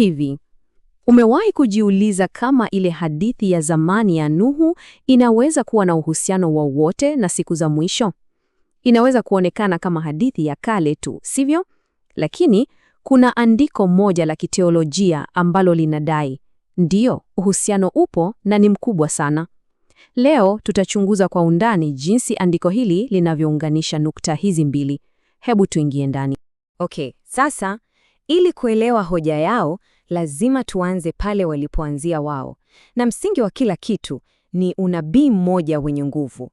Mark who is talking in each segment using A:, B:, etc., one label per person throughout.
A: hivi. Umewahi kujiuliza kama ile hadithi ya zamani ya Nuhu inaweza kuwa na uhusiano wowote na siku za mwisho? Inaweza kuonekana kama hadithi ya kale tu, sivyo? Lakini kuna andiko moja la kiteolojia ambalo linadai ndiyo, uhusiano upo na ni mkubwa sana. Leo tutachunguza kwa undani jinsi andiko hili linavyounganisha nukta hizi mbili. Hebu tuingie ndani.
B: Okay, sasa ili kuelewa hoja yao, lazima tuanze pale walipoanzia wao, na msingi wa kila kitu ni unabii mmoja wenye nguvu,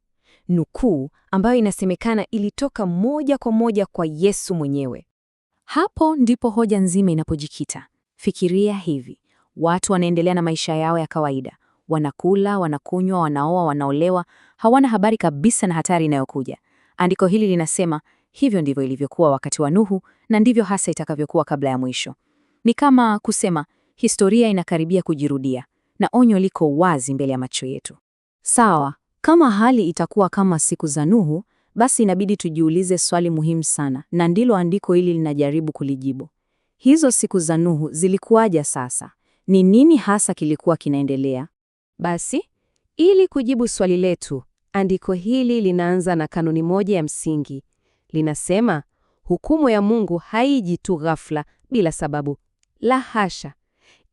B: nukuu ambayo inasemekana ilitoka moja kwa moja kwa Yesu mwenyewe.
C: Hapo ndipo hoja nzima inapojikita. Fikiria hivi, watu wanaendelea na maisha yao ya kawaida, wanakula, wanakunywa, wanaoa, wanaolewa, hawana habari kabisa na hatari inayokuja. Andiko hili linasema Hivyo ndivyo ilivyokuwa wakati wa Nuhu na ndivyo hasa itakavyokuwa kabla ya mwisho. Ni kama kusema historia inakaribia kujirudia na onyo liko wazi mbele ya macho yetu. Sawa, kama hali itakuwa kama siku za Nuhu, basi inabidi tujiulize swali muhimu sana, na ndilo andiko hili linajaribu kulijibu. Hizo siku za Nuhu zilikuwaja Sasa ni nini hasa kilikuwa kinaendelea?
D: Basi ili kujibu swali letu, andiko hili linaanza na kanuni moja ya msingi linasema hukumu ya Mungu haiji tu ghafla bila sababu. La hasha,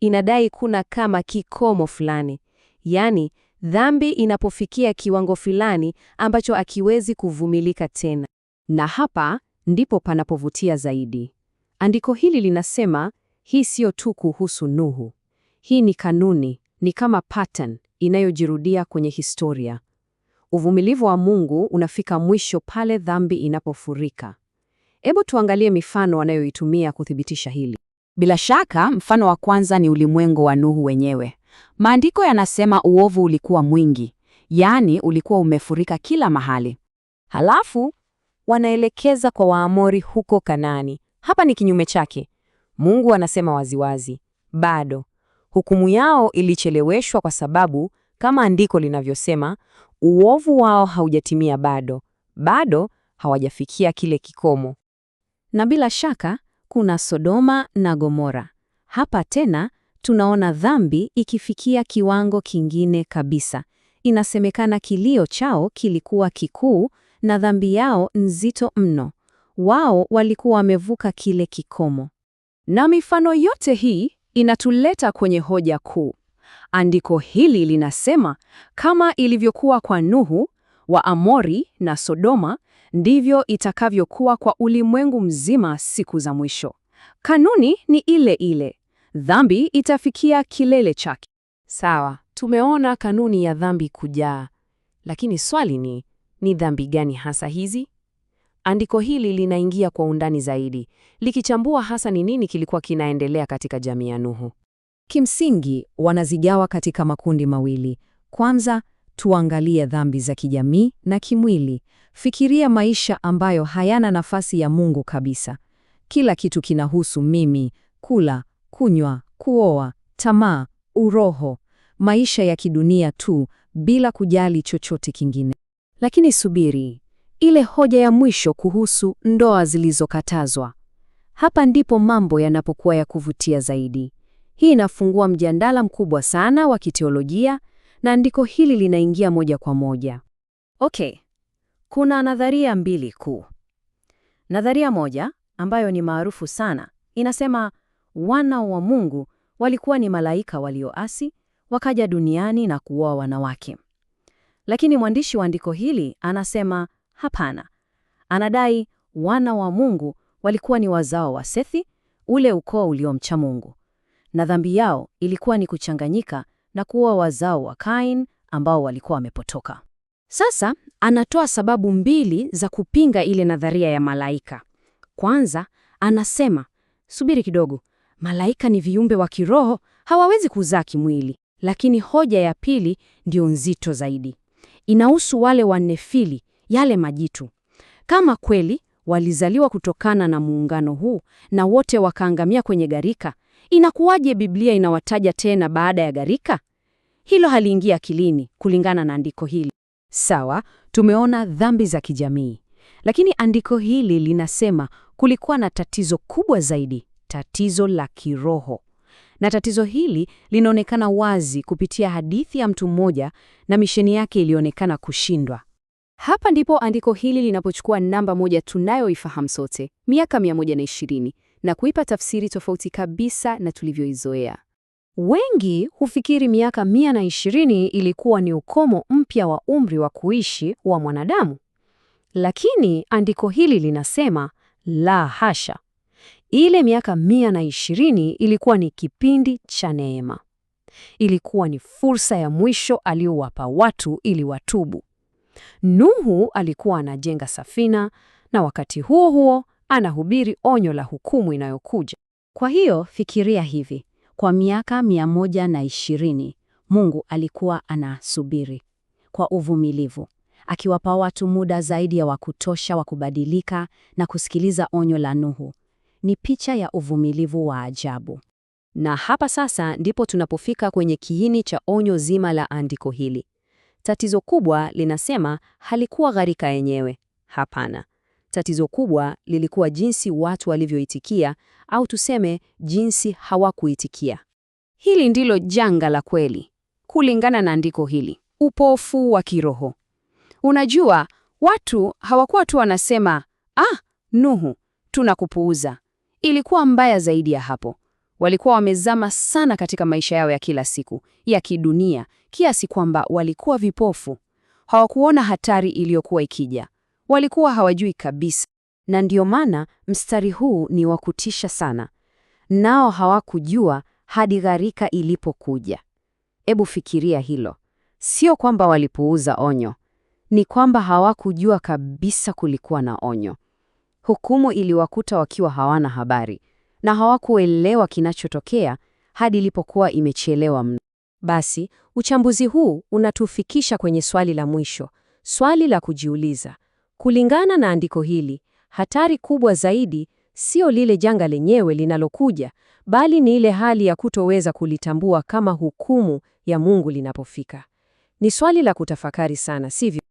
D: inadai kuna kama kikomo fulani, yaani dhambi inapofikia kiwango fulani ambacho akiwezi kuvumilika tena.
C: Na hapa ndipo panapovutia zaidi. Andiko hili linasema hii sio tu kuhusu Nuhu. Hii ni kanuni, ni kama pattern inayojirudia kwenye historia. Uvumilivu wa Mungu unafika mwisho pale dhambi inapofurika. Hebu tuangalie mifano anayoitumia kuthibitisha hili.
E: Bila shaka, mfano wa kwanza ni ulimwengu wa Nuhu wenyewe. Maandiko yanasema uovu ulikuwa mwingi, yaani ulikuwa umefurika kila mahali.
F: Halafu wanaelekeza kwa Waamori huko Kanaani. Hapa ni kinyume chake. Mungu anasema waziwazi, bado hukumu yao ilicheleweshwa kwa sababu kama andiko linavyosema, uovu wao haujatimia bado, bado hawajafikia kile kikomo.
G: Na bila shaka kuna Sodoma na Gomora. Hapa tena tunaona dhambi ikifikia kiwango kingine kabisa. Inasemekana kilio chao kilikuwa kikuu na dhambi yao nzito mno. Wao walikuwa wamevuka kile kikomo.
H: Na mifano yote hii inatuleta kwenye hoja kuu. Andiko hili linasema kama ilivyokuwa kwa Nuhu, Waamori na Sodoma, ndivyo itakavyokuwa kwa ulimwengu mzima siku za mwisho. Kanuni ni ile ile, dhambi itafikia kilele chake.
I: Sawa, tumeona kanuni ya dhambi kujaa, lakini swali ni ni dhambi gani hasa hizi? Andiko hili linaingia kwa undani zaidi, likichambua hasa ni nini kilikuwa kinaendelea katika jamii ya Nuhu.
J: Kimsingi wanazigawa katika makundi mawili. Kwanza, tuangalie dhambi za kijamii na kimwili. Fikiria maisha ambayo hayana nafasi ya Mungu kabisa. Kila kitu kinahusu mimi, kula, kunywa, kuoa, tamaa, uroho, maisha ya kidunia tu bila kujali chochote kingine. Lakini subiri, ile hoja ya mwisho kuhusu ndoa zilizokatazwa. Hapa ndipo mambo yanapokuwa ya kuvutia zaidi. Hii inafungua mjadala mkubwa sana wa kiteolojia na andiko hili linaingia moja kwa moja.
B: Okay. Kuna nadharia mbili kuu. Nadharia moja ambayo ni maarufu sana inasema wana wa Mungu walikuwa ni malaika walioasi, wakaja duniani na kuoa wanawake. Lakini mwandishi wa andiko hili anasema hapana. Anadai wana wa Mungu walikuwa ni wazao wa Sethi, ule ukoo uliomcha Mungu na dhambi yao ilikuwa ni kuchanganyika na kuwa wazao wa Kain ambao walikuwa wamepotoka.
K: Sasa anatoa sababu mbili za kupinga ile nadharia ya malaika. Kwanza anasema, subiri kidogo, malaika ni viumbe wa kiroho, hawawezi kuzaa kimwili. Lakini hoja ya pili ndiyo nzito zaidi, inahusu wale wanefili, yale majitu. Kama kweli walizaliwa kutokana na muungano huu na wote wakaangamia kwenye gharika, Inakuwaje Biblia inawataja tena baada ya gharika? Hilo haliingia akilini kulingana na andiko hili.
E: Sawa, tumeona dhambi za kijamii, lakini andiko hili linasema kulikuwa na tatizo kubwa zaidi, tatizo la kiroho, na tatizo hili linaonekana wazi kupitia hadithi ya mtu mmoja na misheni yake ilionekana kushindwa.
C: Hapa ndipo andiko hili linapochukua namba moja tunayoifahamu sote, miaka 120 na kuipa tafsiri tofauti kabisa na tulivyoizoea.
L: Wengi hufikiri miaka mia na ishirini ilikuwa ni ukomo mpya wa umri wa kuishi wa mwanadamu, lakini andiko hili linasema la hasha. Ile miaka mia na ishirini ilikuwa ni kipindi cha neema. Ilikuwa ni fursa ya mwisho aliyowapa watu ili watubu. Nuhu alikuwa anajenga safina na wakati huo huo anahubiri onyo la hukumu inayokuja.
C: Kwa hiyo fikiria hivi, kwa miaka mia moja na ishirini Mungu alikuwa anasubiri kwa uvumilivu, akiwapa watu muda zaidi ya wa kutosha wa kubadilika na kusikiliza onyo la Nuhu. Ni picha ya uvumilivu wa ajabu. Na hapa sasa ndipo tunapofika kwenye kiini cha onyo zima la andiko hili. Tatizo kubwa linasema halikuwa gharika yenyewe. Hapana, Tatizo kubwa lilikuwa jinsi watu walivyoitikia au tuseme jinsi hawakuitikia.
M: Hili ndilo janga la kweli. Kulingana na andiko hili, upofu wa kiroho. Unajua, watu hawakuwa tu wanasema, ah, Nuhu, tunakupuuza. Ilikuwa mbaya zaidi ya hapo. Walikuwa wamezama sana katika maisha yao ya kila siku ya kidunia, kiasi kwamba walikuwa vipofu. Hawakuona hatari iliyokuwa ikija. Walikuwa hawajui kabisa,
N: na ndiyo maana mstari huu ni wa kutisha sana. Nao hawakujua hadi gharika ilipokuja. Ebu fikiria hilo. Sio kwamba walipuuza onyo, ni kwamba hawakujua kabisa kulikuwa na onyo. Hukumu iliwakuta wakiwa hawana habari na hawakuelewa kinachotokea hadi ilipokuwa imechelewa mno.
C: Basi uchambuzi huu unatufikisha kwenye swali la mwisho, swali la kujiuliza: Kulingana na andiko hili, hatari kubwa zaidi sio lile janga lenyewe linalokuja, bali ni ile hali ya kutoweza kulitambua kama hukumu ya Mungu linapofika. Ni swali la kutafakari sana, sivyo?